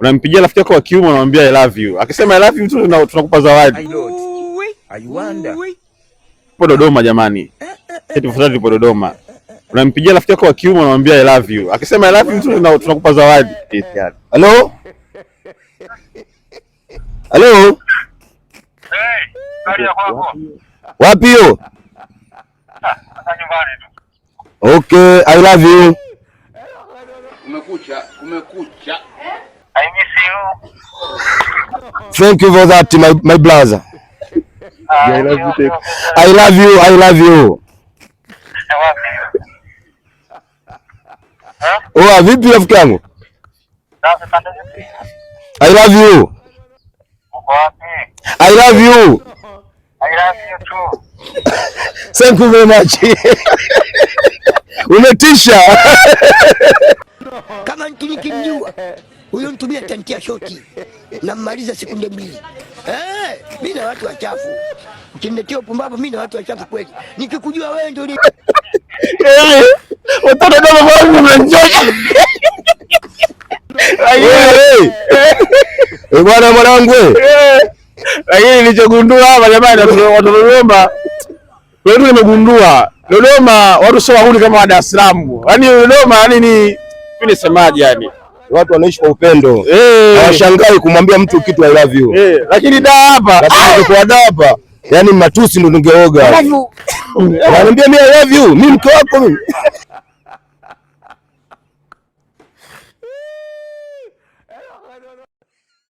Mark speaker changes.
Speaker 1: unampigia rafiki yako wa kiume unamwambia I love you, akisema I love you tu tunakupa zawadi. Po Dodoma jamani, Eti eh, eh, eh, ipo Dodoma. Unampigia rafiki yako wa kiume unamwambia I love you, akisema I love you tu tunakupa zawadi. Hello, hello, wapi yo? Okay, I love you.
Speaker 2: Umekucha, umekucha.
Speaker 1: Thank you for that, my, my brother. I love you. I love you. Oh, I love you. Oa, vipi rafiki yangu? I love you. I love you.
Speaker 2: I love you too.
Speaker 1: Thank you very much. Umetisha.
Speaker 3: nakwambia nitamtia shoti nammaliza sekunde mbili. Eh, mimi na watu wachafu ukiniletea upumbavu, mimi na watu wachafu kweli. Nikikujua wewe ndio kama
Speaker 1: eh, Ayee, eh. bwana mwanangu, eh. lakini nilichogundua hapa jamani, watu Dodoma wetu, nimegundua Dodoma watu sio wahuni kama wa Dar es Salaam. Yaani Dodoma, yaani ni nisemaje yani watu wanaishi kwa upendo, hawashangai kumwambia mtu kitu I love you, lakini da hapa kwa ah. da hapa yani matusi ndo ningeoga, anambia mimi I love you, mimi mke wako mimi